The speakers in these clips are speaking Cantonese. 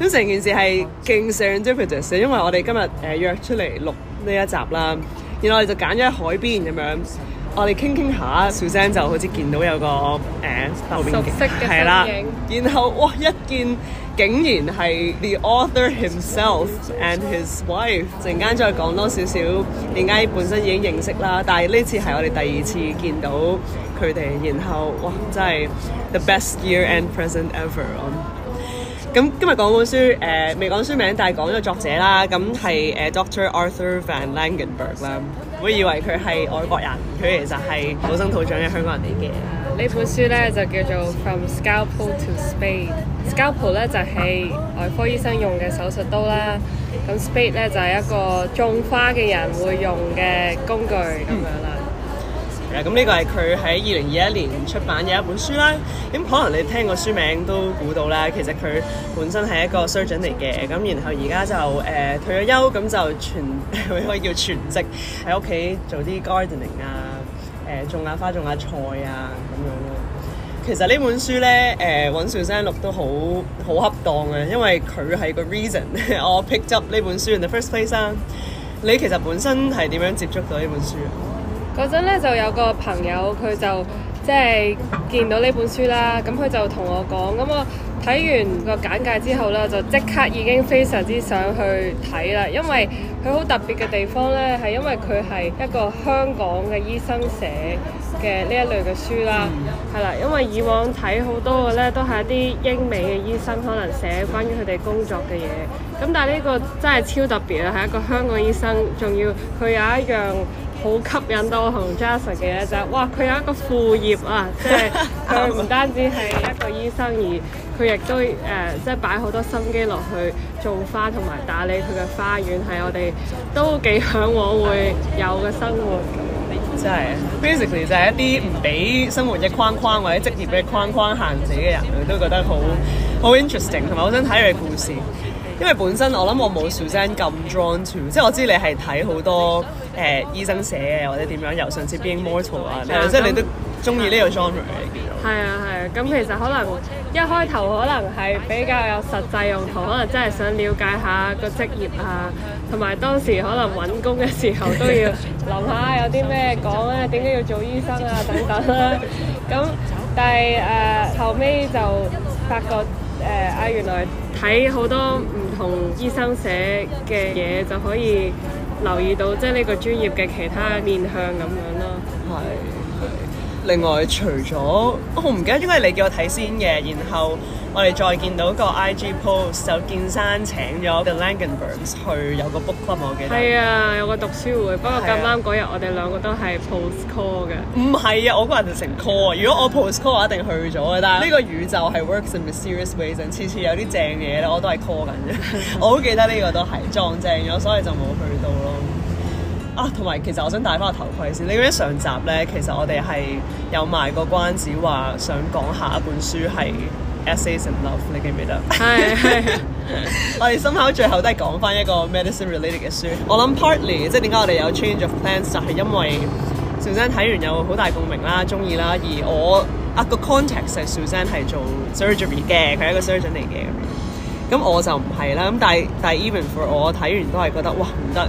咁成件事係勁 serendipitous，因為我哋今日誒約出嚟錄呢一集啦，然後我哋就揀咗喺海邊咁樣，我哋傾傾下，Suz 就好似見到有個誒後邊嘅景色，係啦，然後哇一見竟然係 The Author himself and his wife，陣間再講多少少，點解本身已經認識啦，但係呢次係我哋第二次見到佢哋，然後哇真係 The best year-end present ever 啊！咁今日講本書，誒未講書名，但係講咗作者啦。咁係誒 Dr. Arthur Van Langenberg 啦，唔好以為佢係外國人，佢其實係土生土長嘅香港人嚟嘅。呢本書咧就叫做 From Scalpel to Spade。Scalpel 咧就係外科醫生用嘅手術刀啦，咁 Spade 咧就係一個種花嘅人會用嘅工具咁樣啦。咁呢、嗯這個係佢喺二零二一年出版嘅一本書啦。咁、嗯、可能你聽個書名都估到啦。其實佢本身係一個 surgeon 嚟嘅。咁然後而家就誒、呃、退咗休，咁、嗯、就全 可以叫全職喺屋企做啲 gardening 啊，誒、呃、種下、啊、花種下、啊、菜啊咁樣咯。其實呢本書咧，誒搵 Suzanne 錄都好好恰當啊。因為佢係個 reason 我 pick up 呢本書 in the first place 啦、啊。你其實本身係點樣接觸到呢本書啊？嗰陣咧就有個朋友，佢就即係見到呢本書啦，咁佢就同我講，咁我睇完個簡介之後呢，就即刻已經非常之想去睇啦，因為佢好特別嘅地方呢，係因為佢係一個香港嘅醫生寫嘅呢一類嘅書啦，係啦、嗯，因為以往睇好多嘅呢，都係一啲英美嘅醫生可能寫關於佢哋工作嘅嘢，咁但係呢個真係超特別啦，係一個香港醫生，仲要佢有一樣好吸引到我同 Jas 嘅咧就係，是，哇！佢有一個副業啊，即係佢唔單止係一個醫生而佢亦都誒，即係擺好多心機落去做花同埋打理佢嘅花園，係我哋都幾嚮往會有嘅生活樣，嗯。咁。真係持人，Basically 就係一啲唔俾生活嘅框框或者職業嘅框框限住嘅人，佢都覺得好好 interesting 同埋我想睇佢嘅故事。因為本身我諗我冇 Suz 咁 drawn to，即係我知你係睇好多。誒、呃、醫生寫嘅或者點樣由上次 Being Mortal 啊，係啊，啊即係你都中意呢個 genre 啊，係啊，咁、啊、其實可能一開頭可能係比較有實際用途，可能真係想了解下個職業啊，同埋當時可能揾工嘅時候都要諗下 有啲咩講啊，點解要做醫生啊等等啦、啊。咁 但係誒、呃、後尾就發覺誒啊、呃、原來睇好多唔同醫生寫嘅嘢就可以。留意到即係呢個專業嘅其他面向咁樣咯。係。另外除咗，我、哦、唔記得因為你叫我睇先嘅，然後我哋再見到個 IG post，就見山請咗 The Langenbergs 去有個 book club，我記得。係啊，有個讀書會，啊、不過咁啱嗰日我哋兩個都係 post call 嘅。唔係啊，我嗰日就成 call 啊！如果我 post call，我一定去咗啊！但係呢個宇宙係 works in mysterious ways，次次有啲正嘢咧，我都係 call 緊嘅。 我好記得呢個都係撞正咗，所以就冇去到咯。啊，同埋其實我想戴翻個頭盔先。你覺得上集咧，其實我哋係有埋個關子，話想講下一本書係《Essays in Love》，你記唔記得？係我哋心口最後都係講翻一個 medicine related 嘅書。我諗 partly 即係點解我哋有 change of plans，就係因為 Suz 睇完有好大共鳴啦，中意啦。而我啊個 context 係 Suz 係做 surgery 嘅，佢係一個 surgeon 嚟嘅。咁我就唔係啦。咁但係但係 even for 我睇完都係覺得哇唔得。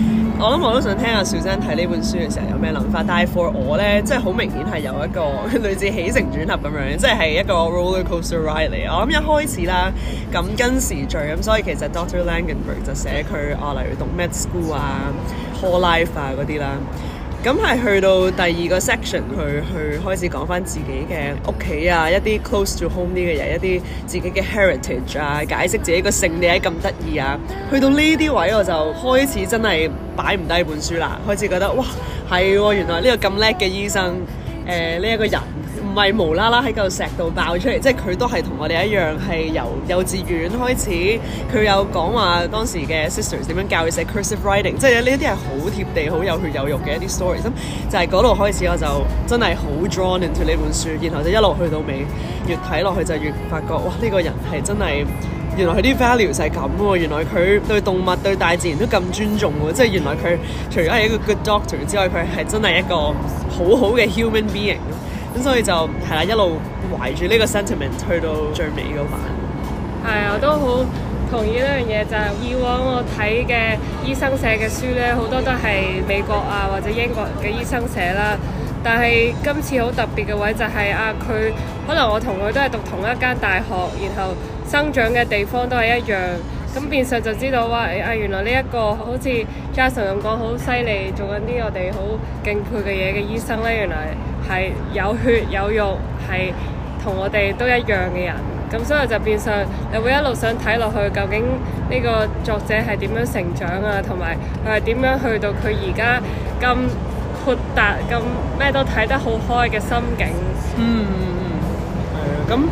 我諗我都想聽下小珍睇呢本書嘅時候有咩諗法，但係 for 我咧，即係好明顯係有一個類似起承轉合咁樣即係係一個 roller coaster ride 嚟。我諗一開始啦，咁跟時序咁，所以其實 Dr Langenberg 就寫佢啊，例如讀 med school 啊，hall life 啊嗰啲啦。咁係去到第二個 section，去去開始講返自己嘅屋企啊，一啲 close to home 呢個人，一啲自己嘅 heritage 啊，解釋自己個姓點解咁得意啊。去到呢啲位，我就開始真係擺唔低本書啦，開始覺得哇係喎、啊，原來呢個咁叻嘅醫生誒呢一個人。唔係無啦啦喺個石度爆出嚟，即係佢都係同我哋一樣係由幼稚園開始。佢有講話當時嘅 sisters 點樣教佢寫 cursive writing，即係呢啲係好貼地、好有血有肉嘅一啲 story。咁就係嗰度開始，我就真係好 drawn into 呢本書，然後就一路去到尾，越睇落去就越發覺哇！呢個人係真係原來佢啲 values 係咁喎，原來佢對動物、對大自然都咁尊重喎，即係原來佢除咗係一個 good doctor 之外，佢係真係一個好好嘅 human being。咁所以就係啦，一路懷住呢個 sentiment 去到最尾嘅話。係啊，我都好同意呢樣嘢，就係、是、以往我睇嘅醫生寫嘅書呢，好多都係美國啊或者英國嘅醫生寫啦。但係今次好特別嘅位就係啊，佢可能我同佢都係讀同一間大學，然後生長嘅地方都係一樣。咁變相就知道話、哎，啊原來呢一個好似 Jason 咁講好犀利，做緊啲我哋好敬佩嘅嘢嘅醫生呢，原來、這個。係 有血有肉，係同我哋都一樣嘅人，咁所以就變相，你會一路想睇落去，究竟呢個作者係點樣成長啊，同埋佢係點樣去到佢而家咁豁達、咁咩都睇得好開嘅心境。嗯，咁、嗯嗯嗯嗯、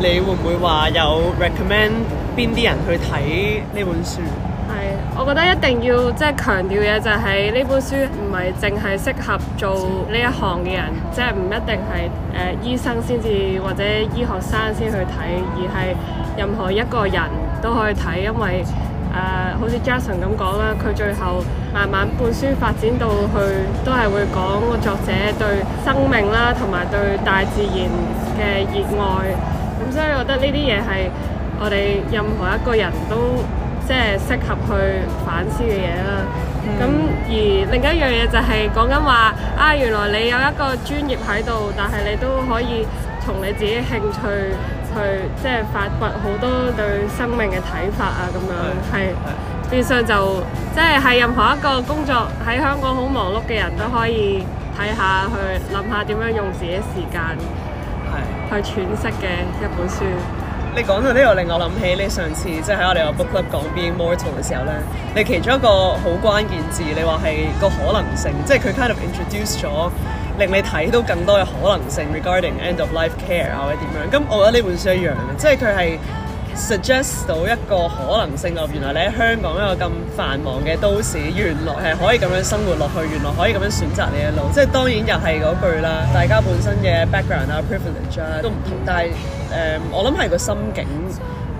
你會唔會話有 recommend 邊啲人去睇呢本書？我覺得一定要即係強調嘅，就係、是、呢本書唔係淨係適合做呢一行嘅人，即係唔一定係誒、呃、醫生先至或者醫學生先去睇，而係任何一個人都可以睇，因為誒、呃、好似 Jason 咁講啦，佢最後慢慢本書發展到去都係會講個作者對生命啦同埋對大自然嘅熱愛，咁所以我覺得呢啲嘢係我哋任何一個人都。即係適合去反思嘅嘢啦。咁、嗯、而另一樣嘢就係講緊話啊，原來你有一個專業喺度，但係你都可以從你自己興趣去，去即係發掘好多對生命嘅睇法啊。咁樣係，變相就即係係任何一個工作喺香港好忙碌嘅人都可以睇下去，諗下點樣用自己時間去喘息嘅一本書。你講到呢度，令我諗起你上次即係喺我哋個 book club 講 being mortal 嘅時候咧，你其中一個好關鍵字，你話係個可能性，即係佢 kind of introduce 咗，令你睇到更多嘅可能性，regarding end of life care 啊或者點樣。咁我覺得呢本書一樣即係佢係。suggest 到一個可能性囉，原來你喺香港一個咁繁忙嘅都市，原來係可以咁樣生活落去，原來可以咁樣選擇你嘅路。即係當然又係嗰句啦，大家本身嘅 background 啊、privilege 啊都唔同，但係誒、呃，我諗係個心境，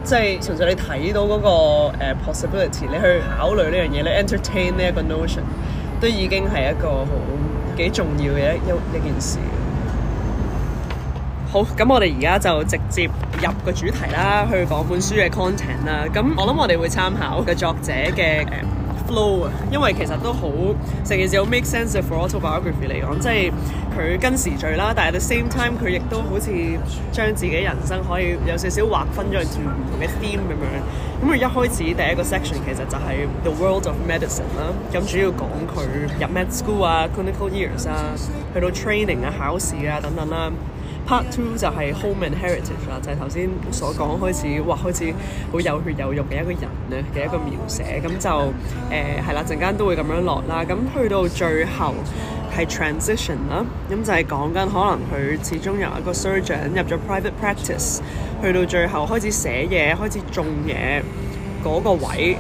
即係純粹你睇到嗰、那個誒、uh, possibility，你去考慮呢樣嘢咧，entertain 呢一個 notion，都已經係一個好幾重要嘅一呢件事。好，咁我哋而家就直接入個主題啦，去講本書嘅 content 啦。咁我諗我哋會參考嘅作者嘅誒、um, flow 啊，因為其實都好成件事好 make sense o for autobiography 嚟講，即係佢跟時序啦。但係 the same time 佢亦都好似將自己人生可以有少少劃分咗去唔同嘅 theme 咁樣。咁佢一開始第一個 section 其實就係 the world of medicine 啦，咁、嗯、主要講佢入 med school 啊，clinical years 啊，去到 training 啊、考試啊等等啦、啊。Part two 就係 Home and Heritage 啦，就係頭先所講開始，哇開始好有血有肉嘅一個人咧嘅一個描寫，咁就誒，係啦，陣間都會咁樣落啦，咁去到最後係 transition 啦，咁就係講緊可能佢始終由一個 surgeon 入咗 private practice，去到最後開始寫嘢，開始種嘢嗰個位，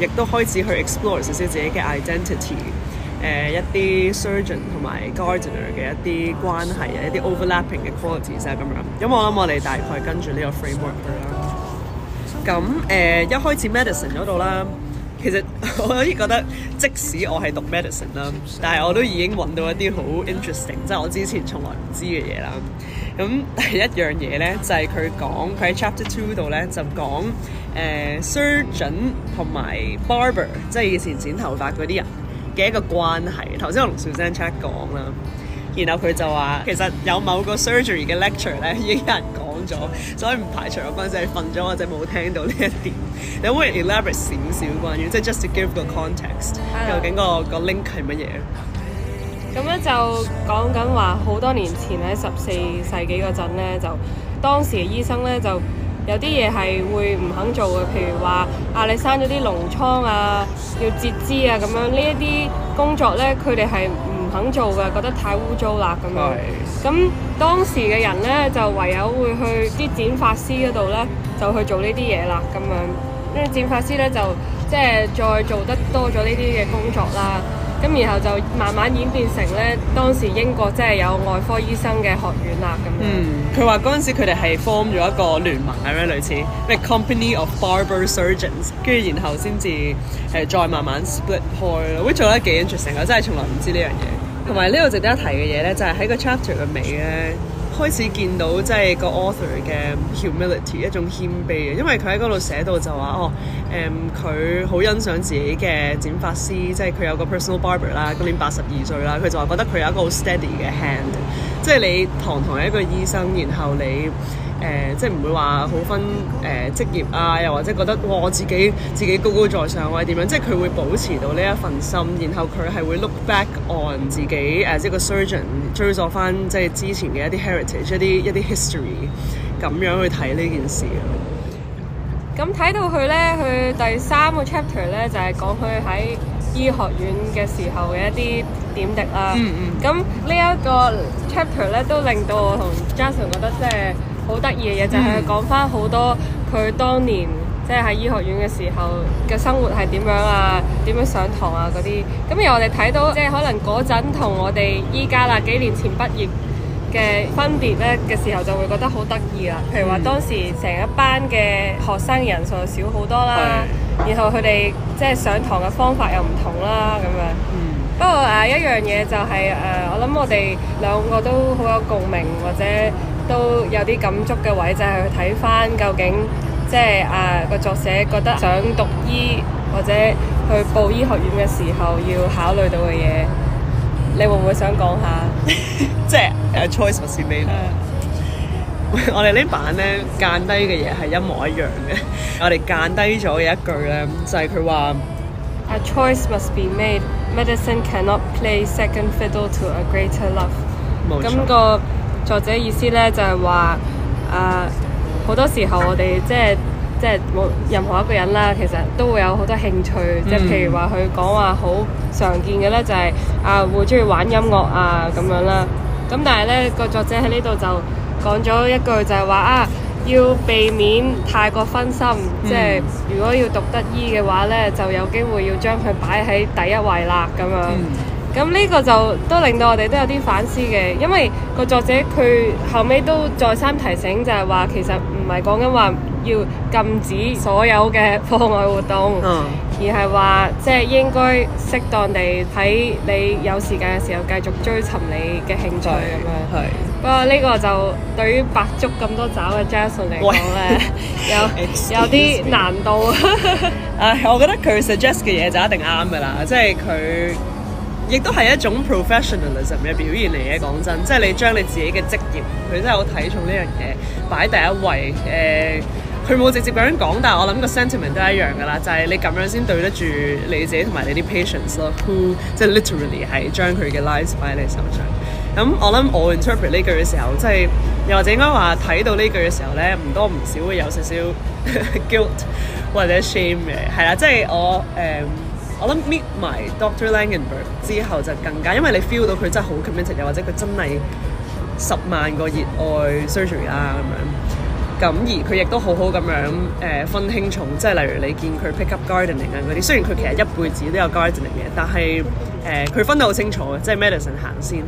亦都開始去 explore 少少自己嘅 identity。誒、呃、一啲 surgeon 同埋 gardener 嘅一啲關係啊，一啲 overlapping 嘅 qualities 啊咁樣。咁我諗我哋大概跟住呢個 framework 啦。咁、嗯、誒、呃、一開始 medicine 嗰度啦，其實我可以覺得即使我係讀 medicine 啦，但係我都已經揾到一啲好 interesting，即係我之前從來唔知嘅嘢啦。咁第一樣嘢咧就係佢講，佢喺 chapter two 度咧就講誒、呃、surgeon 同埋 barber，即係以前剪頭髮嗰啲人。嘅一個關係，頭先我同 Suz check 講啦，然後佢就話其實有某個 surgery 嘅 lecture 咧已經有人講咗，所以唔排除我嗰陣係瞓咗或者冇聽到呢一點。你可唔可以 elaborate 少少關於即係 just to give 個 context 究竟 Hello. 個個 link 係乜嘢？咁咧就講緊話好多年前喺十四世紀嗰陣咧，就當時嘅醫生咧就。有啲嘢係會唔肯做嘅，譬如話啊，你生咗啲膿瘡啊，要截肢啊咁樣，呢一啲工作咧，佢哋係唔肯做嘅，覺得太污糟啦咁樣。咁對當時嘅人咧，就唯有會去啲剪髮師嗰度咧，就去做呢啲嘢啦咁樣。跟住剪髮師咧，就即係、就是、再做得多咗呢啲嘅工作啦。咁然後就慢慢演變成咧，當時英國即係有外科醫生嘅學院啦，咁樣，嗯，佢話嗰陣時佢哋係 form 咗一個聯盟，係咩類似咩 Company of Barber Surgeons，跟住然後先至誒再慢慢 split 開咯、mm。我做得幾 interesting 啊、mm！Hmm. 真係從來唔知呢樣嘢。同埋呢個值得一提嘅嘢咧，就係、是、喺個 chapter 嘅尾咧。開始見到即係個 author 嘅 humility 一種謙卑嘅，因為佢喺嗰度寫到就話哦，誒佢好欣賞自己嘅剪髮師，即係佢有個 personal barber 啦、啊，今年八十二歲啦，佢、啊、就話覺得佢有一個好 steady 嘅 hand，即係你堂堂係一個醫生，然後你。誒、呃，即係唔會話好分誒職、呃、業啊，又或者覺得哇我自己自己高高在上，或者點樣，即係佢會保持到呢一份心，然後佢係會 look back on 自己誒、呃這個，即係個 surgeon 追溯翻即係之前嘅一啲 heritage 一、一啲一啲 history，咁樣去睇呢件事嘅。咁睇、嗯嗯嗯、到佢咧，佢第三個 chapter 咧就係講佢喺醫學院嘅時候嘅一啲點滴啦、嗯。嗯嗯。咁呢一個 chapter 咧都令到我同 Jasmin 覺得即係。好得意嘅嘢就係講翻好多佢當年即係喺醫學院嘅時候嘅生活係點樣啊，點樣上堂啊嗰啲。咁而我哋睇到即係、就是、可能嗰陣同我哋依家啦，幾年前畢業嘅分別呢嘅時候，就會覺得好得意啦。譬如話當時成一班嘅學生人數少好多啦，嗯、然後佢哋即係上堂嘅方法又唔同啦咁樣。嗯、不過誒、啊，一樣嘢就係、是、誒、呃，我諗我哋兩個都好有共鳴或者。都有啲感觸嘅位，就係去睇翻究竟，即係啊個作者覺得想讀醫或者去報醫學院嘅時候，要考慮到嘅嘢，你會唔會想講下？即係啊，choice must be made。我哋呢版咧間低嘅嘢係一模一樣嘅，我哋間低咗嘅一句咧就係佢話：a choice must be made。Medicine cannot play second fiddle to a greater love。咁個作者意思咧就係、是、話，誒、呃、好多時候我哋即係即係冇任何一個人啦，其實都會有好多興趣，即係譬如說說話佢講話好常見嘅咧，就係、是、啊、呃、會中意玩音樂啊咁樣啦。咁但係咧個作者喺呢度就講咗一句就係話啊，要避免太過分心，嗯、即係如果要讀得醫嘅話咧，就有機會要將佢擺喺第一位啦咁樣。嗯。咁呢個就都令到我哋都有啲反思嘅，因為個作者佢後尾都再三提醒，就係話其實唔係講緊話要禁止所有嘅課外活動，嗯、而係話即係應該適當地喺你有時間嘅時候繼續追尋你嘅興趣咁樣。係不過呢個就對於百足咁多爪嘅 Jason 嚟講咧，喂 有 Excuse me. 有啲難度。唉、 啊，我覺得佢 suggest 嘅嘢就一定啱㗎喇，即係佢。亦都係一種 professionalism 嘅表現嚟嘅，講真，即係你將你自己嘅職業，佢真係好睇重呢樣嘢，擺第一位。誒、呃，佢冇直接咁樣講，但係我諗個 sentiment 都係一樣噶啦，就係、是、你咁樣先對得住你自己同埋你啲 patients 咯，who 即係 literally 係將佢嘅 life 擺喺你手上。咁、嗯、我諗我 interpret 呢句嘅時候，即係又或者應該話睇到呢句嘅時候咧，唔多唔少會有少少 guilt 或者 shame 嘅，係啦，即係我誒。嗯我諗 meet 埋 Dr. Langenberg 之後就更加，因為你 feel 到佢真係好 committed，又或者佢真係十萬個熱愛 surgery 啊咁樣。咁而佢亦都好好咁樣誒分輕重，即係例如你見佢 pick up gardening 啊嗰啲，雖然佢其實一輩子都有 gardening 嘅，但係誒佢分得好清楚，即係 medicine 行先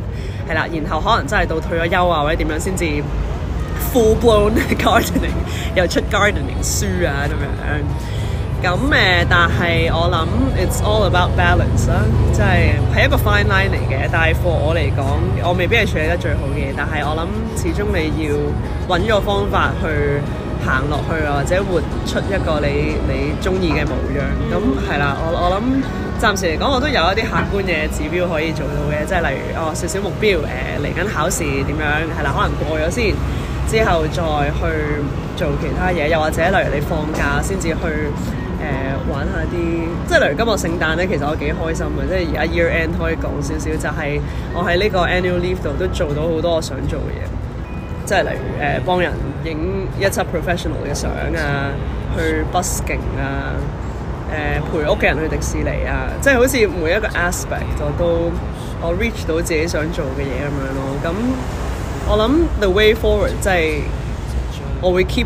係啦，然後可能真係到退咗休啊或者點樣先至 full blown gardening， 又出 gardening 書啊咁樣。咁誒，但係我諗，it's all about balance 啦，即係係一個 fine line 嚟嘅。但係 for 我嚟講，我未必係處理得最好嘅。但係我諗，始終你要揾個方法去行落去，或者活出一個你你中意嘅模樣。咁係啦，我我諗暫時嚟講，我都有一啲客觀嘅指標可以做到嘅，即係例如我、哦、少少目標誒嚟緊考試點樣係啦，可能過咗先之後再去做其他嘢，又或者例如你放假先至去。誒、呃、玩下啲，即係例如今日聖誕咧，其實我幾開心嘅，即係而家 year end 可以講少少，就係、是、我喺呢個 annual leave 度都做到好多我想做嘅嘢，即係例如誒、呃、幫人影一輯 professional 嘅相啊，去 busking 啊，誒、呃、陪屋企人去迪士尼啊，即係好似每一個 aspect 我都我 reach 到自己想做嘅嘢咁樣咯。咁我諗 the way forward 即係我會 keep。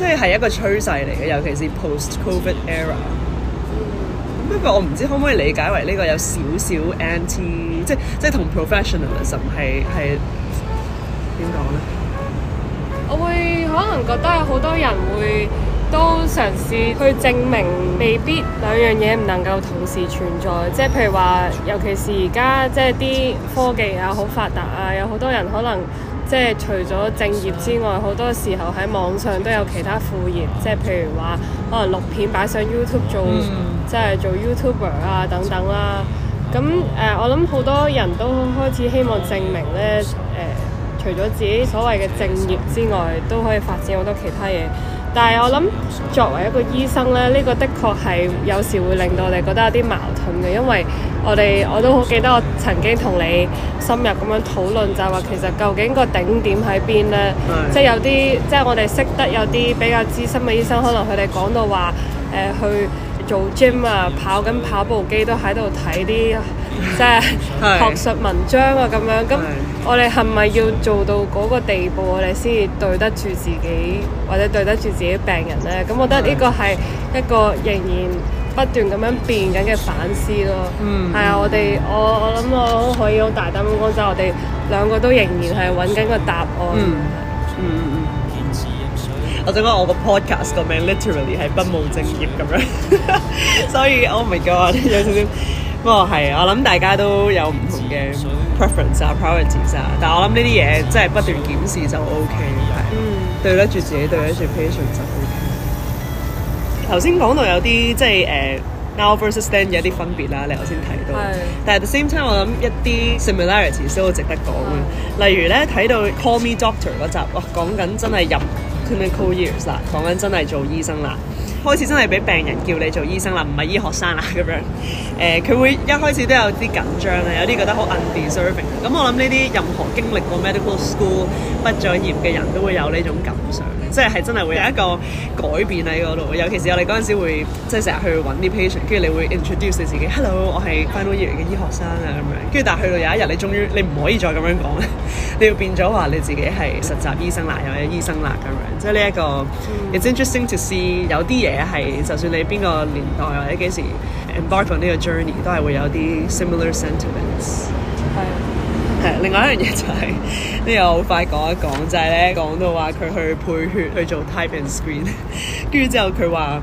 即係一個趨勢嚟嘅，尤其是 post-COVID era。嗯、不過我唔知可唔可以理解為呢個有少少 anti，即係同 professionalism 係係點講咧？呢我會可能覺得有好多人會都嘗試去證明未必兩樣嘢唔能夠同時存在。即係譬如話，尤其是而家即係啲科技啊好發達啊，有好多人可能。即係除咗正業之外，好多時候喺網上都有其他副業，即係譬如話可能錄片擺上 YouTube 做，即係做 YouTuber 啊等等啦、啊。咁誒、呃，我諗好多人都開始希望證明咧誒、呃，除咗自己所謂嘅正業之外，都可以發展好多其他嘢。但係我諗作為一個醫生咧，呢、呢個的確係有時會令到你哋覺得有啲矛盾嘅，因為。我哋我都好記得，我曾經同你深入咁樣討論，就係話其實究竟個頂點喺邊呢？是即係有啲，即係我哋識得有啲比較資深嘅醫生，可能佢哋講到話、呃、去做 gym 啊，跑緊跑步機都喺度睇啲即係是是學術文章啊咁樣。咁是我哋係咪要做到嗰個地步，我哋先至對得住自己，或者對得住自己病人呢？咁我覺得呢個係一個仍然。不斷咁樣變緊嘅反思咯，係啊、嗯，我哋我我諗我可以好大膽咁講，就我哋兩個都仍然係揾緊個答案嗯。嗯嗯嗯。我想講我個 podcast 個名 literally 係不務正業咁樣， 所以我唔、oh my god 有少少不過係，我諗大家都有唔同嘅 preference 啊 priorities 啊，但係我諗呢啲嘢即係不斷檢視就 OK 係，對得住自，、嗯、自己，對得住 patient。頭先講到有啲即係誒、uh, now versus then 嘅一啲分別啦，你頭先睇到。的但係 the same time，我諗一啲 similarities 都好值得講嘅。的例如咧睇到 call me doctor 嗰集，哇，講緊真係入 clinical years 啦，講緊真係做醫生啦，開始真係俾病人叫你做醫生啦，唔係醫學生啦咁樣。誒、呃、佢會一開始都有啲緊張啊，有啲覺得好 undeserving。咁我諗呢啲任何經歷過 medical school 畢咗業嘅人都會有呢種感想。即係係真係會有一個改變喺嗰度，尤其是我哋嗰陣時會即係成日去揾啲 patient，跟住你會 introduce 你，你，你，你自己，hello，我係 final year 嘅醫學生啊咁樣，跟住但係去到有一日你終於你唔可以再咁樣講咧，你要變咗話你自己係實習醫生啦，或者醫生啦咁樣，即係呢一個、嗯、it's interesting to see 有啲嘢係就算你邊個年代或者幾時 embark on 呢個 journey 都係會有啲 similar sentiments、嗯。 另外一樣嘢就係呢個好快講一講，就係咧講到話佢去配血去做 type and screen，跟住之後佢話。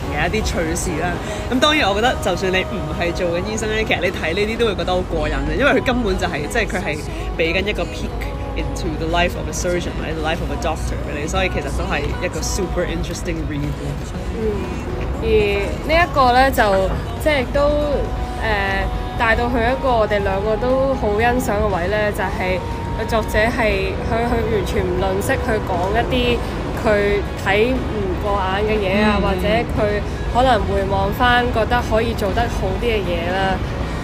嘅一啲趣事啦，咁、嗯、當然我覺得就算你唔係做緊醫生咧，其實你睇呢啲都會覺得好過癮嘅，因為佢根本就係即係佢係俾緊一個 peek into the life of a surgeon，the、like、或者 life of a doctor，俾你，所以其實都係一個 super interesting read。嗯，而呢一個咧就即係、就是、都誒帶、呃、到去一個我哋兩個都好欣賞嘅位咧，就係、是、個作者係佢佢完全唔吝嗇去講一啲佢睇唔過眼嘅嘢啊，嗯、或者佢可能回望翻，覺得可以做得好啲嘅嘢啦。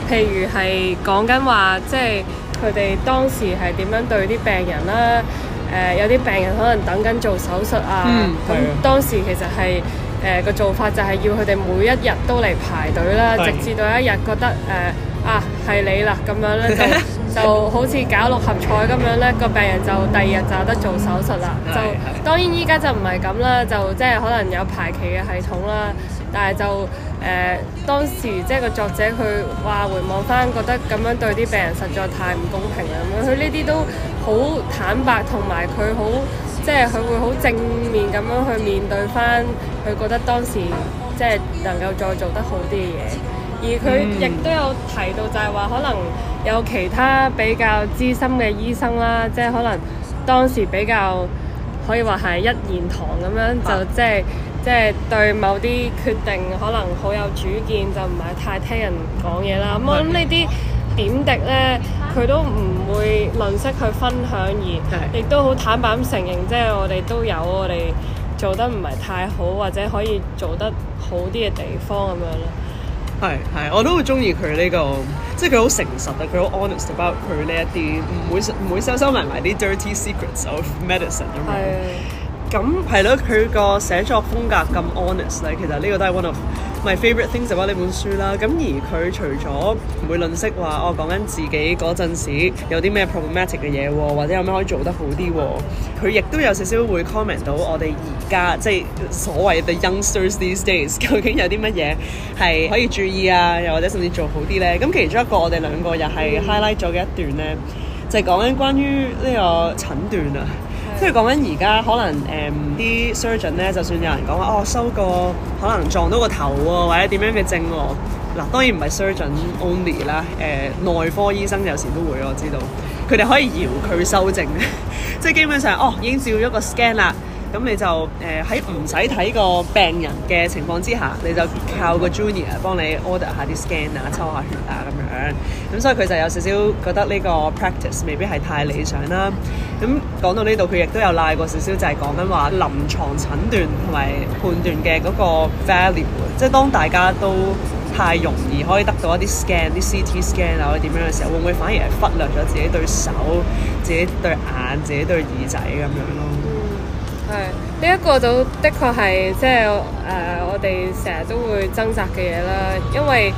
譬如係講緊話，即係佢哋當時係點樣對啲病人啦。誒、呃，有啲病人可能等緊做手術啊。咁、嗯、當時其實係誒個做法就係要佢哋每一日都嚟排隊啦，對直至到一日覺得誒。呃啊，係你啦，咁樣咧就就好似搞六合彩咁樣咧，個病人就第二日就得做手術啦。就是是當然依家就唔係咁啦，就即係可能有排期嘅系統啦。但係就誒、呃、當時即係個作者佢話回望翻，覺得咁樣對啲病人實在太唔公平啦咁樣。佢呢啲都好坦白，同埋佢好即係佢會好正面咁樣去面對翻。佢覺得當時即係能夠再做得好啲嘅嘢。而佢亦都有提到，就係話可能有其他比較資深嘅醫生啦，即係可能當時比較可以話係一言堂咁樣，啊、就即係即係對某啲決定可能好有主見，就唔係太聽人講嘢啦。咁是我諗呢啲點滴咧，佢、啊、都唔會吝嗇去分享，而亦是都好坦白咁承認，即係我哋都有我哋做得唔係太好，或者可以做得好啲嘅地方咁樣咯。係係，我都好中意佢呢個，即係佢好誠實啊！佢好 honest about 佢呢一啲，唔會唔會收收埋埋啲 dirty secrets of medicine 咁對樣。係，咁係咯，佢個寫作風格咁 honest 咧，其實呢個都係 one of my favourite things 就係呢本書啦，咁而佢除咗唔會論述話我講緊自己嗰陣時有啲咩 problematic 嘅嘢喎，或者有咩可以做得好啲喎，佢亦都有少少會 comment 到我哋而家即係所謂嘅 the youngsters these days 究竟有啲乜嘢係可以注意啊，又或者甚至做好啲咧。咁其中一個我哋兩個又係 highlight 咗嘅一段咧，就係講緊關於呢個診斷啊。即係講緊而家可能誒啲 surgeon 咧，就算有人講話哦，收過可能撞到個頭喎、啊，或者點樣嘅症喎，嗱當然唔係 surgeon only 啦，誒、呃、內科醫生有時都會我知道，佢哋可以搖佢修正 即係基本上哦已經照咗個 scan 啦。咁你就誒喺唔使睇個病人嘅情況之下，你就靠個 junior 幫你 order 下啲 scan 啊、抽下血啊咁樣。咁、嗯、所以佢就有少少覺得呢個 practice 未必係太理想啦。咁、嗯、講到呢度，佢亦都有賴過少少就，就係講緊話臨床診斷同埋判斷嘅嗰個 value。即係當大家都太容易可以得到一啲 scan、啲 CT scan 啊，或者點樣嘅時候，會唔會反而係忽略咗自己對手、自己對眼、自己對耳仔咁樣咯？係呢一個就的確係即係誒，我哋成日都會掙扎嘅嘢啦。因為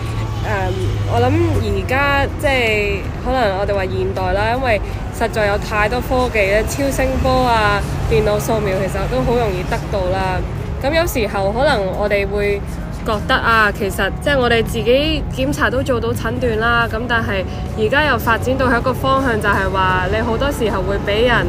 誒、呃，我諗而家即係可能我哋話現代啦，因為實在有太多科技咧，超聲波啊、電腦掃描，其實都好容易得到啦。咁有時候可能我哋會覺得啊，其實即係、就是、我哋自己檢查都做到診斷啦。咁但係而家又發展到一個方向就，就係話你好多時候會俾人。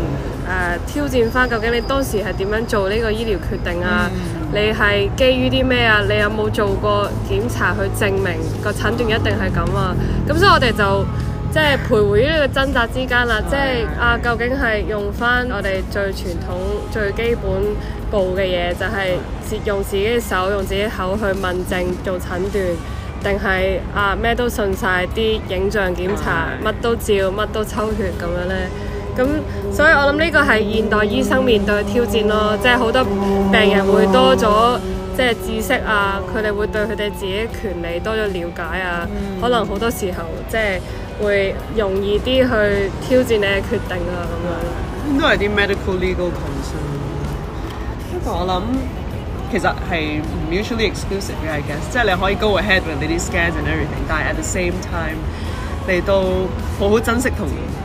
啊、挑戰翻，究竟你當時係點樣做呢個醫療決定啊？Mm hmm. 你係基於啲咩啊？你有冇做過檢查去證明個診斷一定係咁啊？咁所以我哋就即係徘徊於呢個掙扎之間啦。即係啊，究竟係用翻我哋最傳統最基本步嘅嘢，就係、是、用自己嘅手、用自己口去問證做診斷，定係啊咩都信晒啲影像檢查，乜、mm hmm. 都照，乜都抽血咁樣呢？Mm hmm. 咁，所以我諗呢個係現代醫生面對嘅挑戰咯，即係好多病人會多咗即係知識啊，佢哋會對佢哋自己權利多咗了解啊，嗯、可能好多時候即係會容易啲去挑戰你嘅決定啊咁樣。都係啲 medical legal concern，不過我諗其實係 mutually exclusive 嘅，I guess，即係你可以 go ahead with 呢啲 scans and everything，但係 at the same time 你都好好珍惜同。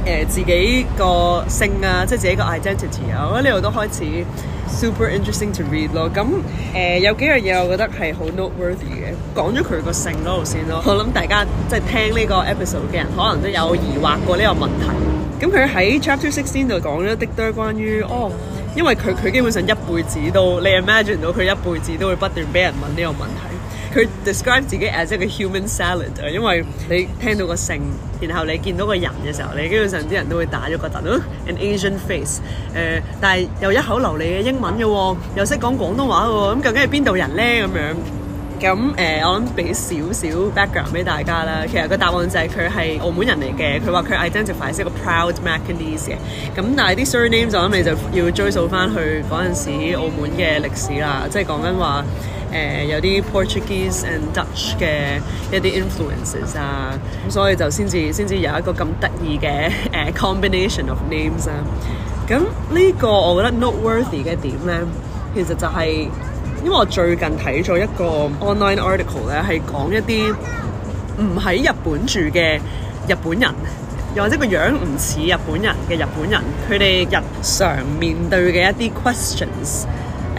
誒、呃、自己個性啊，即係自己個 identity 啊，我覺得呢度都開始 super interesting to read 咯。咁誒、呃、有幾樣嘢我覺得係好 noteworthy 嘅，講咗佢個性嗰、啊、度先咯。我諗大家即係聽呢個 episode 嘅人，可能都有疑惑過呢個問題。咁佢喺 chapter 16度講咗得多關於哦，因為佢佢基本上一輩子都你 imagine 到佢一輩子都會不斷俾人問呢個問題，佢 describe 自己 as 一個 human salad 啊，因為你聽到個姓，然後你見到個人嘅時候，你基本上啲人都會打咗個突 an Asian face，誒、呃，但係又一口流利嘅英文嘅喎、哦，又識講廣東話喎，咁、嗯、究竟係邊度人咧？咁樣，咁誒、呃，我諗俾少少 background 俾大家啦。其實個答案就係佢係澳門人嚟嘅。佢話佢 identify 係一個 proud Macanese 嘅。咁但係啲 surnames 我諗你就要追溯翻去嗰陣時澳門嘅歷史啦，即係講緊話。誒、呃、有啲 Portuguese and Dutch 嘅一啲 influences 啊，咁所以就先至先至有一個咁得意嘅誒 combination of names 啊。咁呢個我覺得 noteworthy 嘅點咧，其實就係、是，因為我最近睇咗一個 online article 咧，係講一啲唔喺日本住嘅日本人，又或者個樣唔似日本人嘅日本人，佢哋日常面對嘅一啲 questions。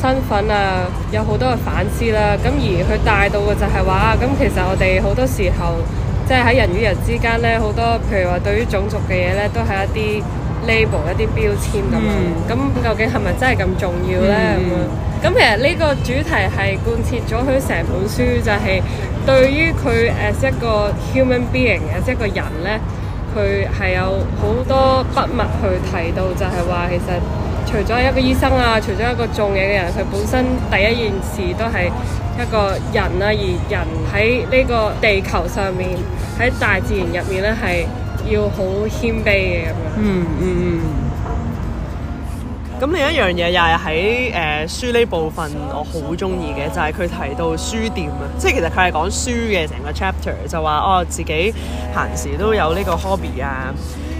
身份啊，有好多嘅反思啦、啊。咁而佢帶到嘅就係話，咁、啊、其實我哋好多時候，即係喺人與人之間咧，好多譬如話對於種族嘅嘢咧，都係一啲 label 一啲標籤咁樣。咁、嗯、究竟係咪真係咁重要咧？咁樣咁其實呢個主題係貫徹咗佢成本書，就係、是、對於佢 as 一個 human being，即係一個人咧，佢係有好多筆墨去提到，就係、是、話其實。除咗一個醫生啊，除咗一個做嘢嘅人，佢本身第一件事都係一個人啊。而人喺呢個地球上面，喺大自然入面咧，係要好謙卑嘅咁樣。嗯嗯嗯。咁、嗯、另一樣嘢又係喺誒書呢部分，我好中意嘅就係、是、佢提到書店啊，即係其實佢係講書嘅成個 chapter，就話哦自己閒時都有呢個 hobby 啊。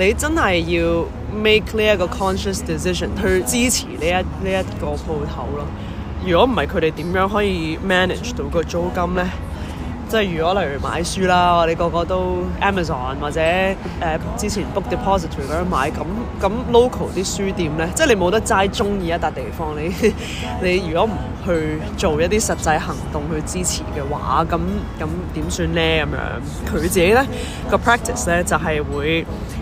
你真係要 make 呢一個 conscious decision 去支持呢一呢一個鋪頭咯。如果唔係，佢哋點樣可以 manage 到個租金呢？即係如果例如買書啦，我哋個個都 Amazon 或者誒、呃、之前 Book Depository 買，咁咁 local 啲書店呢，即係你冇得齋中意一笪地方。你，你如果唔去做一啲實際行動去支持嘅話，咁咁點算呢？咁樣佢自己呢個 practice 呢，就係會。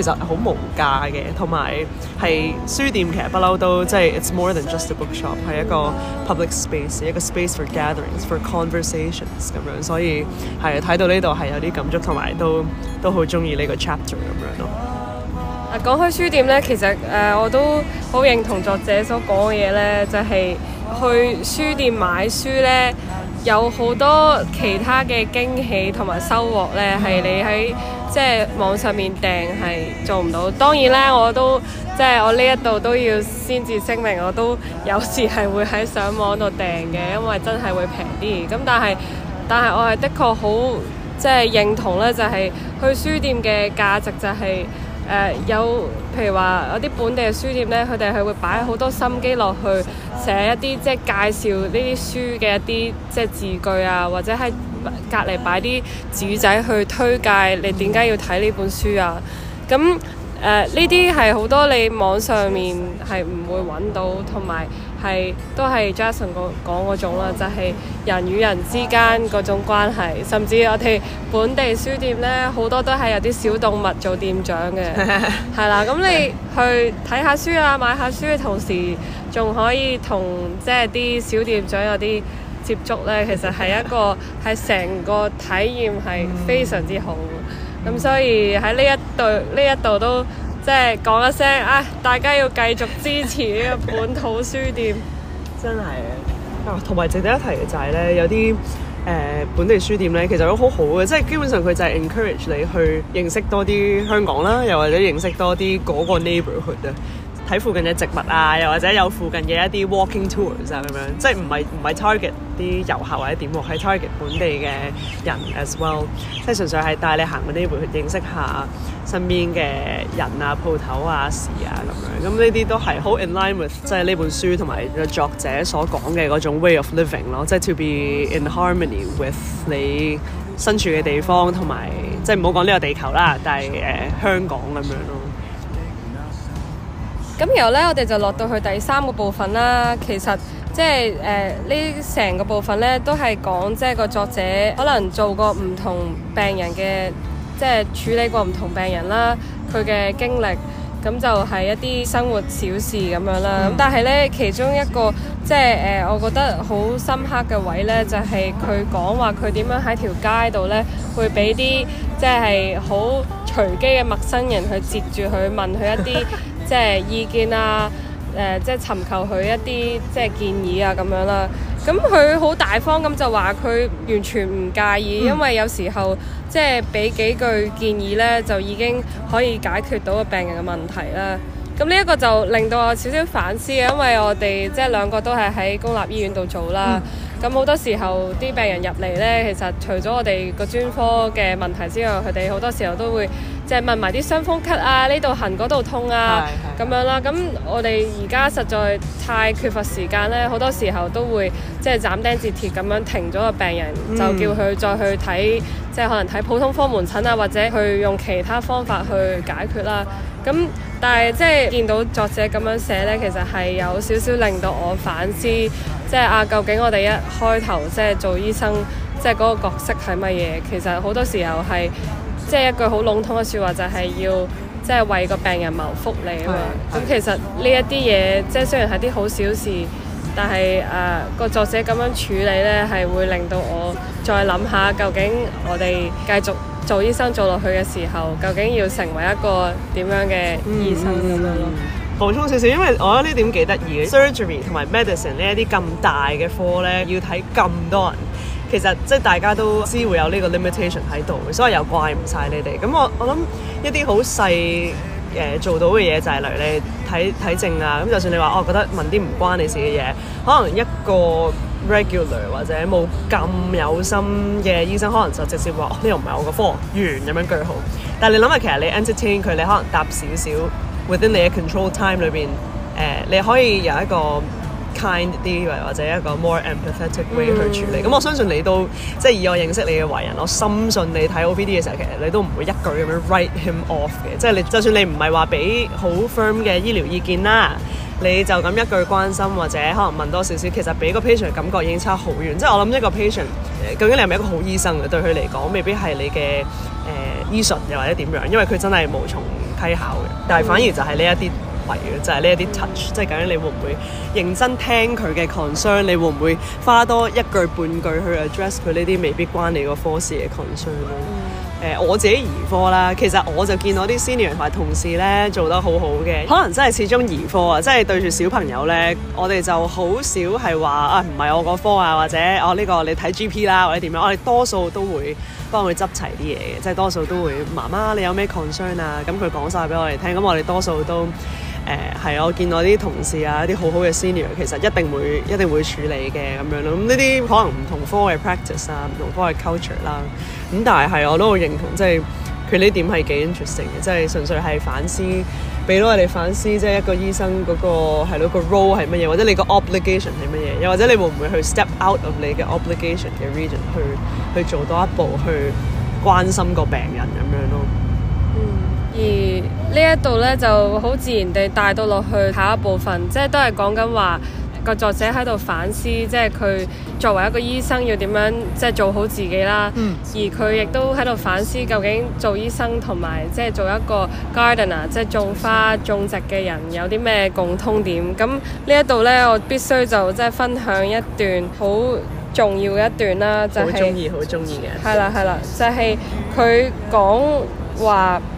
其實好無價嘅，同埋係書店其實不嬲都即係。It's more than just a bookshop，係一個 public space，一個 space for gatherings for conversations 咁樣。所以係睇到呢度係有啲感觸，同埋都都好鍾意呢個 chapter 咁樣咯。啊，講開書店呢，其實誒我都好認同作者所講嘅嘢呢，就係去書店買書呢。有好多其他嘅驚喜同埋收穫呢，係你喺即係網上面訂係做唔到。當然啦，我都即係我呢一度都要先至聲明，我都有時係會喺上網度訂嘅，因為真係會平啲。咁但係，但係我係的確好即係認同呢、就係，就係去書店嘅價值就係、係、誒、呃、有。譬如話，有啲本地嘅書店咧，佢哋係會擺好多心機落去，寫一啲即係介紹呢啲書嘅一啲即係字句啊，或者喺隔離擺啲紙仔去推介你點解要睇呢本書啊。咁誒，呢啲係好多你網上面係唔會揾到，同埋。係，都係 Jason 講嗰種啦，就係、是、人與人之間嗰種關係，甚至我哋本地書店呢，好多都係有啲小動物做店長嘅，係啦。 咁你去睇下書啊，買下書嘅同時，仲可以同即係啲小店長有啲接觸呢，其實係一個係成 個體驗係非常之好咁， 所以喺呢一度呢一度都。即係講一聲啊！大家要繼續支持呢個本土書店， 真係啊！同埋值得一提嘅就係咧，有啲誒本地書店咧，其實都好好嘅，即係基本上佢就係 encourage 你去認識多啲香港啦，又或者認識多啲嗰個 neighborhood 嘅。睇附近嘅植物啊，又或者有附近嘅一啲 walking tours 啊，咁樣，即係唔係唔係 target 啲遊客或者點，係 target 本地嘅人 as well，即係純粹係帶你行過呢啲，去認識下身邊嘅人啊、鋪頭啊、事啊咁樣，咁呢啲都係好 in line with 即係呢本書同埋個作者所講嘅種 way of living 咯，即係 to be in harmony with 你身處嘅地方，同埋即係唔好講呢個地球啦，但係誒、uh, 香港咁樣咯。咁然後咧，我哋就落到去第三個部分啦。其實即係誒呢成個部分咧，都係講即係個作者可能做過唔同病人嘅，即係處理過唔同病人啦，佢嘅經歷。咁就係一啲生活小事咁樣啦，咁但係呢，其中一個即係誒，我覺得好深刻嘅位呢，就係佢講話佢點樣喺條街度呢，會俾啲即係好隨機嘅陌生人去截住佢問佢一啲即係意見啊。誒、呃，即係尋求佢一啲即係建議啊，咁樣啦。咁佢好大方咁就話佢完全唔介意，嗯、因為有時候即係俾幾句建議呢，就已經可以解決到個病人嘅問題啦。咁呢一個就令到我少少反思嘅，因為我哋即係兩個都係喺公立醫院度做啦。咁好、嗯、多時候啲病人入嚟呢，其實除咗我哋個專科嘅問題之外，佢哋好多時候都會。即係問埋啲傷風咳啊，呢度痕嗰度痛啊，咁 樣啦。咁我哋而家實在太缺乏時間呢，好多時候都會即係斬釘截鐵咁樣停咗個病人，嗯、就叫佢再去睇，即係可能睇普通科門診啊，或者去用其他方法去解決啦、啊。咁但係即係見到作者咁樣寫呢，其實係有少少令到我反思，即係啊，究竟我哋一開頭即係做醫生，即係嗰個角色係乜嘢？其實好多時候係。即係一句好籠統嘅説話，就係、是、要即係為個病人謀福利啊嘛。咁、嗯、其實呢一啲嘢，即係雖然係啲好小事，但係誒個作者咁樣處理呢，係會令到我再諗下，究竟我哋繼續做醫生做落去嘅時候，究竟要成為一個點樣嘅醫生咁咯？補充少少，因為我覺得呢點幾得意，surgery 同埋 medicine 呢一啲咁大嘅科咧，要睇咁多人。其實即係大家都知會有呢個 limitation 喺度，所以又怪唔晒你哋。咁我我諗一啲好細誒做到嘅嘢就係、是、嚟你睇睇症啊。咁就算你話我、哦、覺得問啲唔關你事嘅嘢，可能一個 regular 或者冇咁有，有心嘅醫生，可能就直接話呢個唔係我個科完咁樣句號。但係你諗下，其實你 entertain 佢，你可能答少少 within 你嘅 control time 裏邊誒、呃，你可以有一個。kind 啲，或者一個 more empathetic way、mm. 去處理。咁我相信你都即係以我認識你嘅為人，我深信你睇 OPD 嘅時候，其實你都唔會一句咁樣 write him off 嘅。即係你，就算你唔係話俾好 firm 嘅醫療意見啦，你就咁一句關心或者可能問多少少，其實俾個 patient 嘅感覺已經差好遠。即係我諗一個 patient 究竟你係咪一個好醫生，嘅對佢嚟講，未必係你嘅誒、呃、醫術又或者點樣，因為佢真係無從稽考嘅。但係反而就係呢一啲。就係呢一啲 touch，即係究竟你會唔會認真聽佢嘅 concern，、mm. 你會唔會花多一句半句去 address 佢呢啲未必關你個科事嘅 concern 咯？誒，我自己兒科啦，其實我就見到啲 senior 同埋、mm. 同事咧做得好好嘅，可能真係始終兒科啊，真係對住小朋友咧，我哋就好少係話啊，唔係我個科啊，或者哦呢個你睇 GP 啦，或者點樣，我哋多數都會幫佢執齊啲嘢嘅，即係多數都會媽媽你有咩 concern 啊，咁佢講晒俾我哋聽，咁我哋多數都。誒係啊！我見到啲同事啊，一啲好好嘅 senior 其實一定會一定會處理嘅咁樣咯。咁呢啲可能唔同科嘅 practice 啊，唔同科嘅 culture 啦、啊。咁但係係我都好認同，即係佢呢點係幾 interesting 嘅，即係純粹係反思，俾到我哋反思即係一個醫生嗰、個係咯、個 role 係乜嘢，或者你個 obligation 係乜嘢，又或者你會唔會去 step out of 你嘅 obligation 嘅 region 去去做多一步去關心個病人咁樣咯。而呢一度呢，就好自然地帶到落去下一部分，即係都係講緊話個作者喺度反思，即係佢作為一個醫生要點樣即係做好自己啦。嗯。而佢亦都喺度反思究竟做醫生同埋即係做一個 gardener，即係種花種植嘅人有啲咩共通點，咁呢一度呢，我必須就即係分享一段好重要嘅一段啦，就係好中意，好中意嘅。係啦，係啦，就係佢講話。的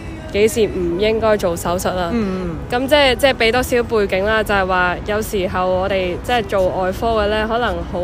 幾時唔應該做手術啊。咁、嗯嗯、即係即係俾多少背景啦，就係話有時候我哋即係做外科嘅呢，可能好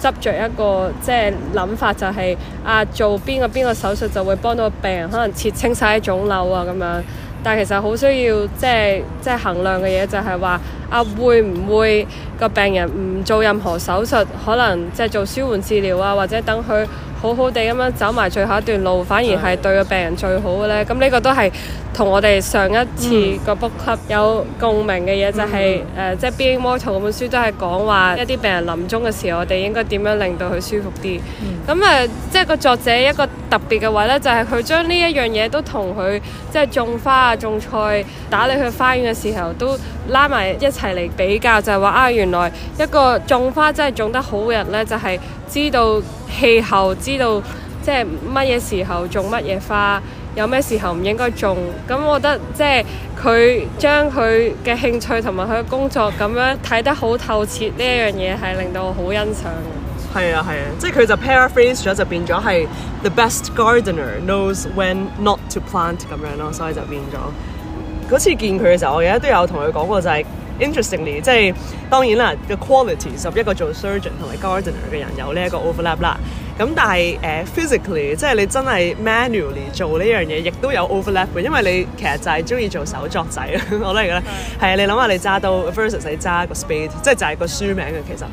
執着一個即係諗法，就係啊做邊個邊個手術就會幫到病人，可能切清晒啲腫瘤啊咁樣。但係其實好需要即係即係衡量嘅嘢，就係話。啊，會唔會個病人唔做任何手術，可能即係做舒緩治療啊，或者等佢好好地咁樣走埋最後一段路，反而係對個病人最好嘅咧？咁呢的個都係同我哋上一次個 book club 有共鳴嘅嘢，就係、是、誒即係 being mortal 本書都係講話，一啲病人臨終嘅時候我哋應該點樣令到佢舒服啲。咁啊即係個作者一個特別嘅位咧，就係佢將呢一樣嘢都同佢即係種花啊、種菜、打理佢花園嘅時候，都拉埋一。嚟比較就係話啊，原來一個種花真係種得好嘅人呢，就係知道氣候，知道即係乜嘢時候種乜嘢花，有咩時候唔應該種。咁我覺得即係佢將佢嘅興趣同埋佢嘅工作咁樣睇得好透徹呢一樣嘢，係令到我好欣賞嘅。係啊，係啊，即係佢就 paraphrase 咗就變咗係 the best gardener knows when not to plant 咁樣咯，所以就變咗嗰次見佢嘅時候，我而家都有同佢講過就係。Interestingly，即係當然啦，個 quality 十一個做 surgeon 同埋 gardener 嘅人有呢一個 overlap 啦。咁但係誒、uh, physically，即係你真係 manually 做呢樣嘢，亦都有 overlap 嘅，因為你其實就係中意做手作仔啊！ 我都係咁啦，係啊 Right.！你諗下，你揸刀 versus 你揸個 spade，即係就係個書名嘅。其實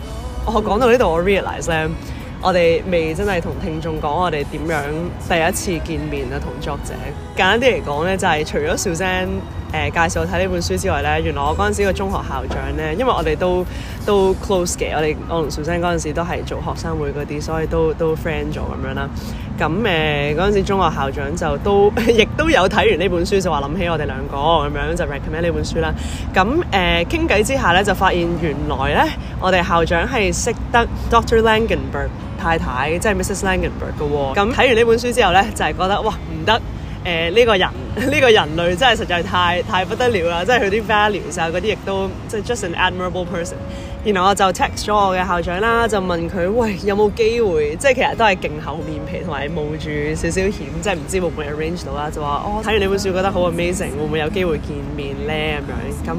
我講到呢度，我 realize 咧，我哋未真係同聽眾講我哋點樣第一次見面啊，同作者簡單啲嚟講咧，就係、是、除咗 Suzanne。誒、呃、介紹我睇呢本書之外咧，原來我嗰陣時個中學校長呢，因為我哋都都 close 嘅，我哋我同 Suzanne 嗰陣時都係做學生會嗰啲，所以都都 friend 咗咁樣啦。咁誒嗰陣時中學校長就都亦 都有睇完呢本書，就話諗起我哋兩個咁樣就 recommend 呢本書啦。咁誒傾偈之下呢，就發現原來呢，我哋校長係識得 Dr Langenberg 太太，即、就、係、是、Mrs Langenberg 嘅喎、哦。咁睇完呢本書之後呢，就係、是、覺得哇，唔得。誒呢個人呢個人類真係實在太太不得了啦！即係佢啲 values 啊，嗰啲亦都即係 just an admirable person。然後我就 text 咗我嘅校長啦，就問佢：喂，有冇機會？即係其實都係勁厚，厚面皮同埋冒住少少險，即係唔知會唔會 arrange 到啦。就話哦，睇完你本書覺得好 amazing，會唔會有機會見面咧？咁樣咁。咁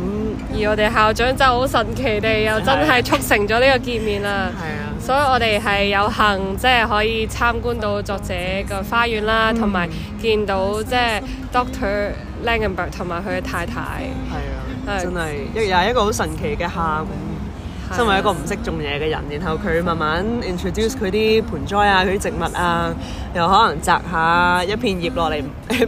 而我哋校長就好神奇地又真係促成咗呢個見面啦。係啊。所以我哋係有幸即係，可以參觀到作者個花園啦，同埋、嗯、見到即係 Doctor Langenberg 同埋佢嘅太太，係啊，以真係又係一個好神奇嘅下午。啊、身為一個唔識種嘢嘅人，然後佢慢慢 introduce 佢啲盆栽啊，佢啲植物啊，又可能摘下一片葉落嚟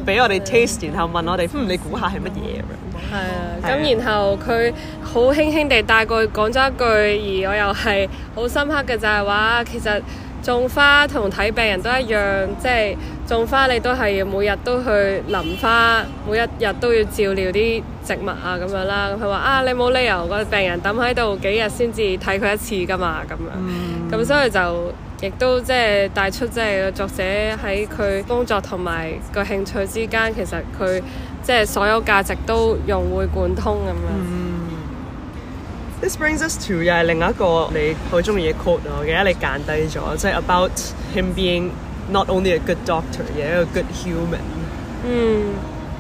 俾我哋 taste，然後問我哋、啊嗯：你估下係乜嘢？係啊，咁然後佢好輕輕地帶過講咗一句，而我又係好深刻嘅就係話，其實種花同睇病人都一樣，即係種花你都係每日都去淋花，每一日都要照料啲植物啊咁樣啦。佢話啊，你冇理由個病人等喺度幾日先至睇佢一次噶嘛咁樣，咁、嗯、所以就亦都即係帶出即係個作者喺佢工作同埋個興趣之間，其實佢。即係所有價值都融會貫通咁樣。This brings us to 又係另一個你好中意嘅 quote 啊，記得你揀低咗，即係 about him being not only a good doctor，而係一個 good human。嗯，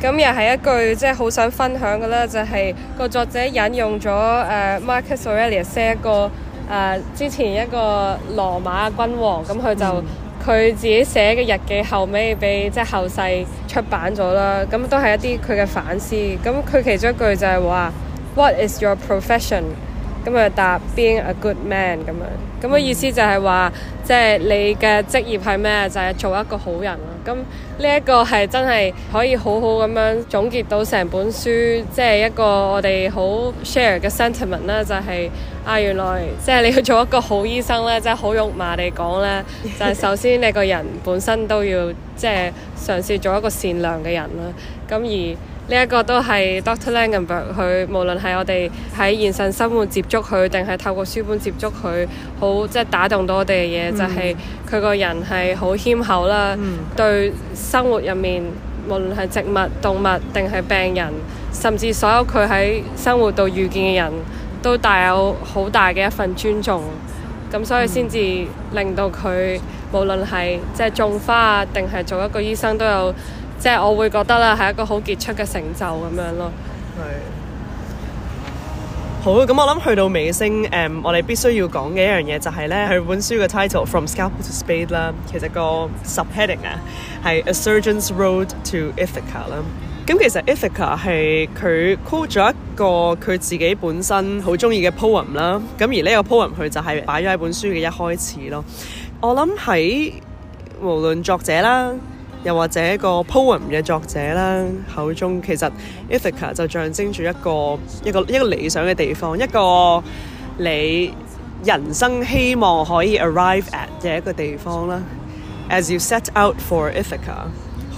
咁又係一句即係好想分享嘅啦，就係個作者引用咗誒 Marcus Aurelius 一個誒之前一個羅馬君王，咁佢就。佢自己寫嘅日記後尾俾即係後世出版咗啦，咁都係一啲佢嘅反思。咁佢其中一句就係話：What is your profession？咁佢答 Being a good man 咁樣。咁嘅意思就係話，即係你嘅職業係咩？就係做一個好人啦。咁呢一個係真係可以好好咁樣總結到成本書，即係一個我哋好 share 嘅 sentiment 啦，就係。啊，原來即係你去做一個好醫生咧， 即係好肉麻地講咧，就係、是、首先你個人本身都要即係嘗試做一個善良嘅人啦。咁而呢一個都係 Doctor Langenberg，佢無論係我哋喺現實生活接觸佢，定係透過書本接觸佢，好即係打動到我哋嘅嘢，嗯、就係佢個人係好謙厚啦。嗯、對生活入面，無論係植物、動物，定係病人，甚至所有佢喺生活度遇見嘅人。都帶有好大嘅一份尊重，咁所以先至令到佢無論係即係種花啊，定係做一個醫生都有，即係我會覺得啦，係一個好傑出嘅成就咁樣咯。係對。好，咁我諗去到尾聲，誒、um，我哋必須要講嘅一樣嘢就係咧，佢本書嘅 title《From Scalpel to Spade》啦，其實個 subheading 啊係《A Surgeon's Road to Ithaka》啦。咁其實 Ithaka 係佢 quote 咗一個佢自己本身好中意嘅 poem 啦，咁而呢個 poem 佢就係擺咗喺本書嘅一開始咯。我諗喺無論作者啦，又或者一個 poem 嘅作者啦口中，其實 Ithaka 就象徵住一個一個一個理想嘅地方，一個你人生希望可以 arrive at 嘅一個地方啦。As you set out for Ithaka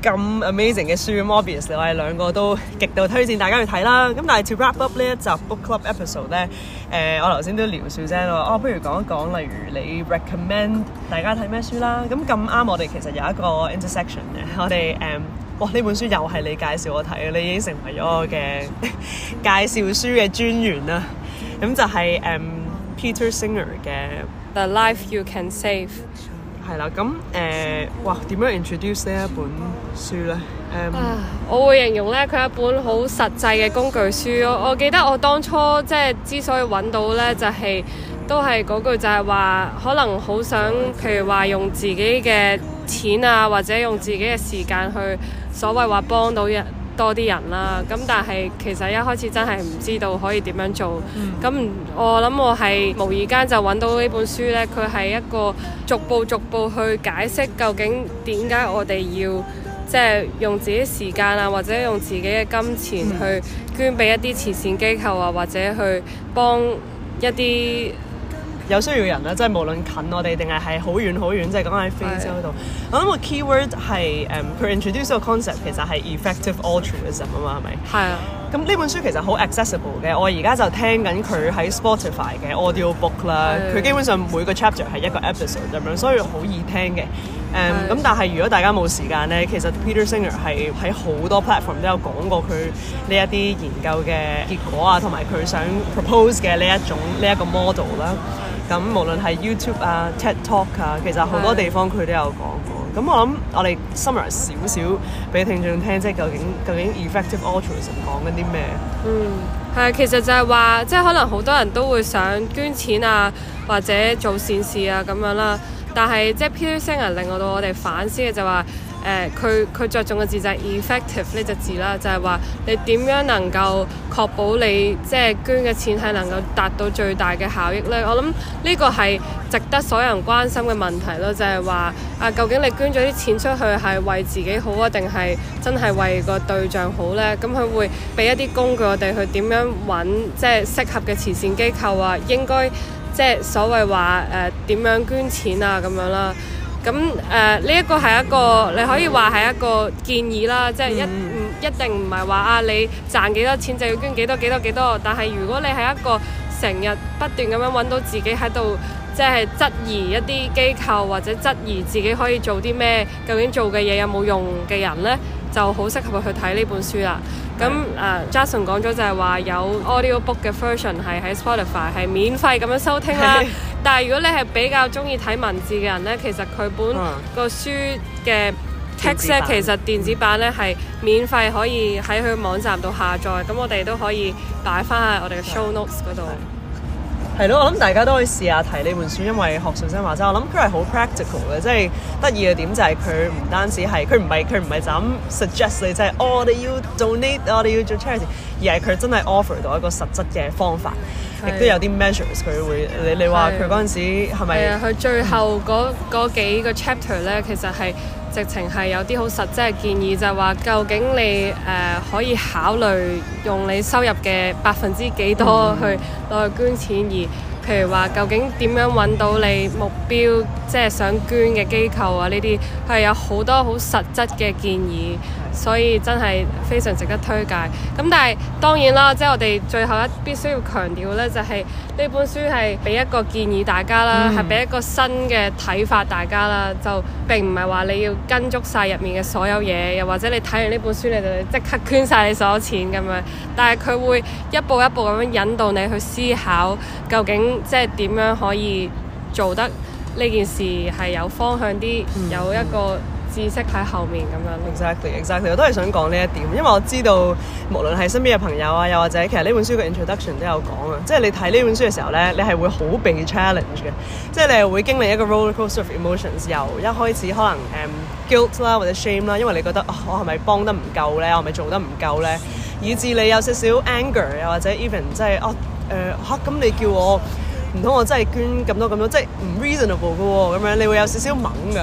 咁 amazing 嘅書 obviously，我哋兩個都極度推薦大家去睇啦。咁但係 to wrap up 呢一集 Book Club episode 咧、呃，誒我頭先都聊少少啦。哦，不如講一講，例如你 recommend 大家睇咩書啦？咁咁啱，我哋其實有一個 intersection 嘅。我哋誒，哇！呢本書又係你介紹我睇嘅，你已經成為咗我嘅 介紹書嘅專員啦。咁、嗯、就係、是、誒、嗯、Peter Singer 嘅《The Life You Can Save》、嗯。係啦，咁誒，哇！點樣 introduce 呢一本？書咧，誒、um，我會形容咧佢一本好實際嘅工具書。我我記得我當初即係之所以揾到咧，就係、是、都係嗰句就係話，可能好想，譬如話用自己嘅錢啊，或者用自己嘅時間去所謂話幫到人多啲人啦、啊。咁但係其實一開始真係唔知道可以點樣做。咁、嗯、我諗我係無意間就揾到呢本書咧，佢係一個逐步逐步去解釋究竟點解我哋要。即係用自己時間啊，或者用自己嘅金錢去捐俾一啲慈善機構啊，或者去幫一啲、嗯、有需要嘅人啦。即係無論近我哋定係係好遠好遠，即係講喺非洲度。的我諗個 key word 係誒，佢、嗯、introduce 個 concept 其實係 effective altruism 啊嘛，係咪的？係啊。咁呢本書其實好 accessible 嘅，我而家就聽緊佢喺 Spotify 嘅 audiobook 啦。佢的基本上每個 chapter 係一個 episode 咁樣，所以好易聽嘅。誒咁，um, 是但係如果大家冇時間咧，其實 Peter Singer 係喺好多 platform 都有講過佢呢一啲研究嘅結果啊，同埋佢想 propose 嘅呢一種呢一個 model 啦。咁是無論係 YouTube 啊、TED Talk 啊，其實好多地方佢都有講過。咁是我諗我哋 summarize 少少俾聽眾聽，即係究竟究竟 effective altruism 講緊啲咩？嗯，係，其實就係話，即係可能好多人都會想捐錢啊，或者做善事啊咁樣啦。但係，即係 Peter Singer 令我到我哋反思嘅就話，誒佢佢着重嘅字就係 effective 呢隻字啦，就係話你點樣能夠確保你即係捐嘅錢係能夠達到最大嘅效益呢？我諗呢個係值得所有人關心嘅問題咯，就係話啊，究竟你捐咗啲錢出去係為自己好啊，定係真係為個對象好呢？咁佢會俾一啲工具我哋去點樣揾即係適合嘅慈善機構啊，應該。即係所謂話，誒點樣捐錢啊咁樣啦，咁誒呢一個係一個你可以話係一個建議啦，即係一唔、嗯、一定唔係話啊你賺幾多錢就要捐幾多幾多幾多、幾多，但係如果你係一個成日不斷咁樣揾到自己喺度即係質疑一啲機構或者質疑自己可以做啲咩，究竟做嘅嘢有冇用嘅人呢，就好適合去睇呢本書啦。咁啊那 Right.、uh，Jason 講咗就係話有 audiobook 嘅 version 係喺 Spotify 係免費咁樣收聽啦。 但係如果你係比較中意睇文字嘅人呢，其實佢本個 書嘅 text 呢，其實電子版呢係免費可以喺佢網站度下載。咁 我哋都可以擺翻喺我哋嘅 show notes 嗰度。Right. 係咯，我諗大家都可以試下睇呢本書，因為學馴生話齋，我諗佢係好 practical 嘅，即係得意嘅點就係佢唔單止係，佢唔係佢唔係就咁 suggest 你，就係我哋要做 you donate, you do charity，而係佢真係 offer 到一個實質嘅方法。亦都有啲 measures，佢的會，你你話佢嗰陣時係咪？佢最後嗰嗰幾個 chapter 咧、嗯，其實係直情係有啲好實質嘅建議，就係、是、話究竟你誒、呃、可以考慮用你收入嘅百分之幾多去攞去捐錢，嗯、而譬如話究竟點樣揾到你目標，即、就、係、是、想捐嘅機構啊？呢啲佢係有好多好實質嘅建議。所以真係非常值得推介。咁但係當然啦，即係我哋最後一必須要強調呢，就係、是、呢本書係俾一個建議大家啦，係俾、嗯、一個新嘅睇法大家啦。就並唔係話你要跟足晒入面嘅所有嘢，又或者你睇完呢本書你就即刻捐晒你所有錢咁樣。但係佢會一步一步咁樣引導你去思考，究竟即係點樣可以做得呢件事係有方向啲，嗯、有一個。知識喺後面咁樣，exactly，exactly。我都係想講呢一點，因為我知道無論係身邊嘅朋友啊，又或者其實呢本書嘅 introduction 都有講啊，即係你睇呢本書嘅時候呢，你係會好被 challenge 嘅，即係你係會經歷一個 roller coaster of emotions，由一開始可能誒、um, guilt 啦或者 shame 啦，因為你覺得、啊、我係咪幫得唔夠呢？我係咪做得唔夠呢？以至你有少少 anger 又或者 even 即係啊誒嚇咁你叫我唔通我真係捐咁多咁多，即係唔 reasonable 嘅喎，咁樣你會有少少猛嘅。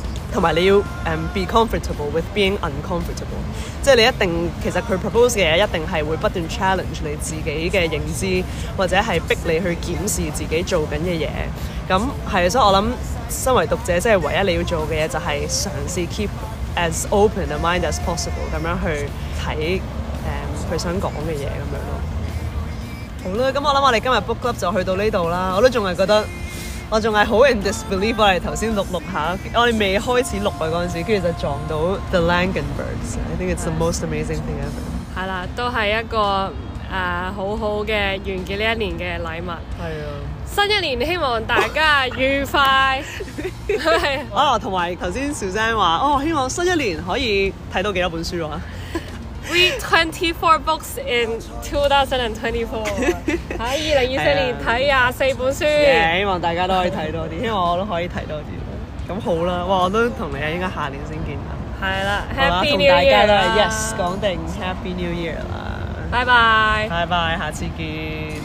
同埋你要誒 be comfortable with being uncomfortable，即係你一定其實佢 propose 嘅嘢一定係會不斷 challenge 你自己嘅認知，或者係逼你去檢視自己做緊嘅嘢。咁係，所以我諗身為讀者，即係唯一你要做嘅嘢就係嘗試 keep as open a mind as possible，咁樣去睇誒佢想講嘅嘢咁樣咯。好啦，咁我諗我哋今日 book club 就去到呢度啦。我都仲係覺得我仲係好 in disbelief，我哋頭先錄。啊、我哋未開始錄嘅嗰陣時，跟住就撞到 The Langenbergs。I think it's the most amazing thing ever。係啦，都係一個誒、呃、好好嘅完結呢一年嘅禮物。係啊了！新一年希望大家愉快。係啊！同埋頭先 Suz 話：哦，希望新一年可以睇到幾多本書啊。Read twenty four books in two thousand and twenty four。喺二零二四年睇廿四本書。希望大家都可以睇多啲， 希望我都可以睇多啲。咁好啦，哇！我都同你喺應該下年先見啦。係啦，Happy New Year 啦！Yes，同大家講定 Happy New Year 啦。拜拜，拜拜，下次見。